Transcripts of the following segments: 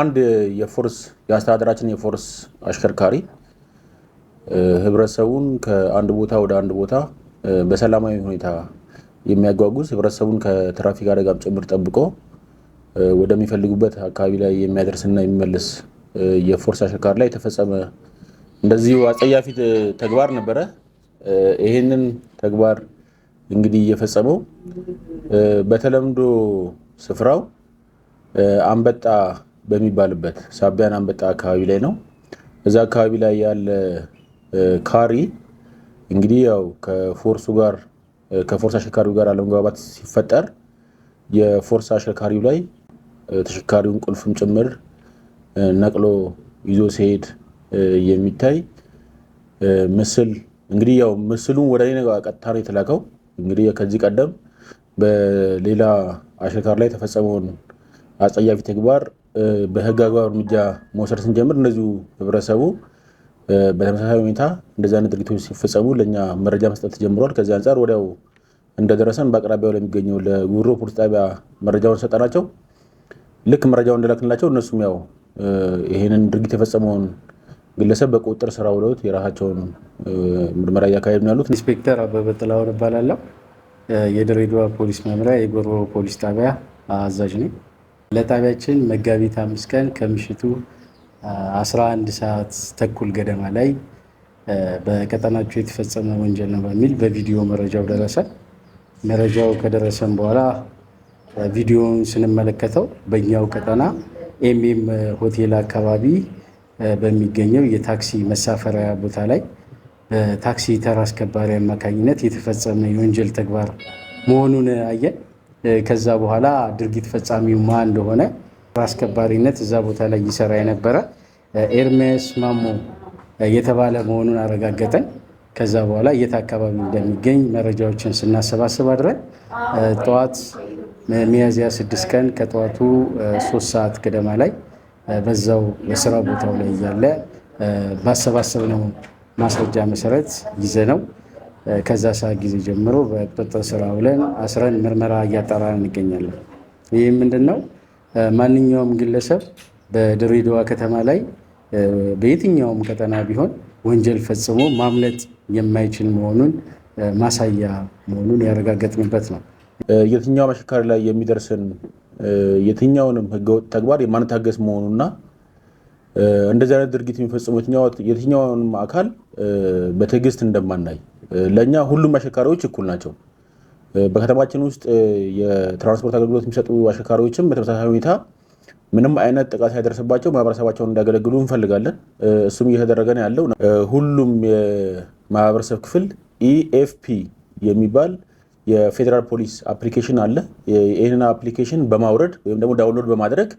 አንድ የፎርስ የአስተዳደራችን የፎርስ አሽከርካሪ ህብረተሰቡን ከአንድ ቦታ ወደ አንድ ቦታ በሰላማዊ ሁኔታ የሚያጓጉዝ ህብረተሰቡን ከትራፊክ አደጋም ጭምር ጠብቆ ወደሚፈልጉበት አካባቢ ላይ የሚያደርስና የሚመልስ የፎርስ አሽከርካሪ ላይ የተፈጸመ እንደዚሁ አጸያፊ ተግባር ነበረ። ይህንን ተግባር እንግዲህ እየፈጸመው በተለምዶ ስፍራው አንበጣ በሚባልበት ሳቢያን አንበጣ አካባቢ ላይ ነው። እዛ አካባቢ ላይ ያለ ካሪ እንግዲህ ያው ከፎርሱ ጋር ከፎርስ አሽከርካሪው ጋር አለመግባባት ሲፈጠር የፎርስ አሽከርካሪው ላይ ተሽከርካሪውን ቁልፍም ጭምር ነቅሎ ይዞ ሲሄድ የሚታይ ምስል እንግዲህ ያው ምስሉን ወደ እኔ ቀጥታ ነው የተላከው። እንግዲህ ከዚህ ቀደም በሌላ አሽከርካሪ ላይ የተፈጸመውን አጸያፊ ተግባር በህግ አግባብ እርምጃ መውሰድ ስንጀምር እነዚሁ ህብረተሰቡ በተመሳሳይ ሁኔታ እንደዚህ አይነት ድርጊቶች ሲፈጸሙ ለእኛ መረጃ መስጠት ጀምሯል። ከዚህ አንጻር ወዲያው እንደደረሰን በአቅራቢያው ለሚገኘው ለጉሮ ፖሊስ ጣቢያ መረጃውን ሰጠናቸው። ልክ መረጃው እንደላክንላቸው እነሱም ያው ይህንን ድርጊት የፈጸመውን ግለሰብ በቁጥጥር ስራ ውለውት የራሳቸውን ምርመራ እያካሄዱ ያሉት። ኢንስፔክተር አበበ ጥላሁን እባላለሁ። የድሬዳዋ ፖሊስ መምሪያ የጎሮ ፖሊስ ጣቢያ አዛዥ ነኝ። ለጣቢያችን መጋቢት አምስት ቀን ከምሽቱ 11 ሰዓት ተኩል ገደማ ላይ በቀጠናቸው የተፈጸመ ወንጀል ነው በሚል በቪዲዮ መረጃው ደረሰ። መረጃው ከደረሰን በኋላ ቪዲዮውን ስንመለከተው በእኛው ቀጠና ኤምኤም ሆቴል አካባቢ በሚገኘው የታክሲ መሳፈሪያ ቦታ ላይ በታክሲ ተራ አስከባሪ አማካኝነት የተፈጸመ የወንጀል ተግባር መሆኑን አየን። ከዛ በኋላ ድርጊት ፈጻሚው ማ እንደሆነ በአስከባሪነት እዛ ቦታ ላይ ይሰራ የነበረ ኤርሜስ ማሞ የተባለ መሆኑን አረጋገጠን። ከዛ በኋላ የት አካባቢ እንደሚገኝ መረጃዎችን ስናሰባስብ አድረን ጠዋት ሚያዝያ ስድስት ቀን ከጠዋቱ ሶስት ሰዓት ቅደማ ላይ በዛው የስራ ቦታው ላይ እያለ ነው ማስረጃ መሰረት ነው ከዛ ሰዓት ጊዜ ጀምሮ በቁጥጥር ስር ውለን አስረን ምርመራ እያጣራን እንገኛለን። ይህ ምንድን ነው? ማንኛውም ግለሰብ በድሬዳዋ ከተማ ላይ በየትኛውም ቀጠና ቢሆን ወንጀል ፈጽሞ ማምለጥ የማይችል መሆኑን ማሳያ መሆኑን ያረጋገጥንበት ነው። የትኛው አሽከርካሪ ላይ የሚደርስን የትኛውንም ህገወጥ ተግባር የማንታገስ መሆኑና እንደዚህ አይነት ድርጊት የሚፈጽሙ የትኛውንም አካል በትዕግስት እንደማናይ ለእኛ ሁሉም አሽከርካሪዎች እኩል ናቸው። በከተማችን ውስጥ የትራንስፖርት አገልግሎት የሚሰጡ አሽከርካሪዎችም በተመሳሳይ ሁኔታ ምንም አይነት ጥቃት ሳይደርስባቸው ማህበረሰባቸውን እንዲያገለግሉ እንፈልጋለን። እሱም እየተደረገ ነው ያለው። ሁሉም የማህበረሰብ ክፍል ኢኤፍፒ e የሚባል የፌዴራል ፖሊስ አፕሊኬሽን አለ። ይህንን አፕሊኬሽን በማውረድ ወይም ደግሞ ዳውንሎድ በማድረግ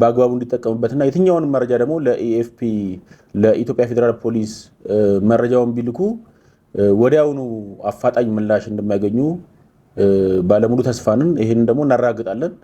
በአግባቡ እንዲጠቀሙበትና የትኛውንም መረጃ ደግሞ ለኢኤፍፒ ለኢትዮጵያ ፌዴራል ፖሊስ መረጃውን ቢልኩ ወዲያውኑ አፋጣኝ ምላሽ እንደሚያገኙ ባለሙሉ ተስፋንን ይህንን ደግሞ እናራግጣለን።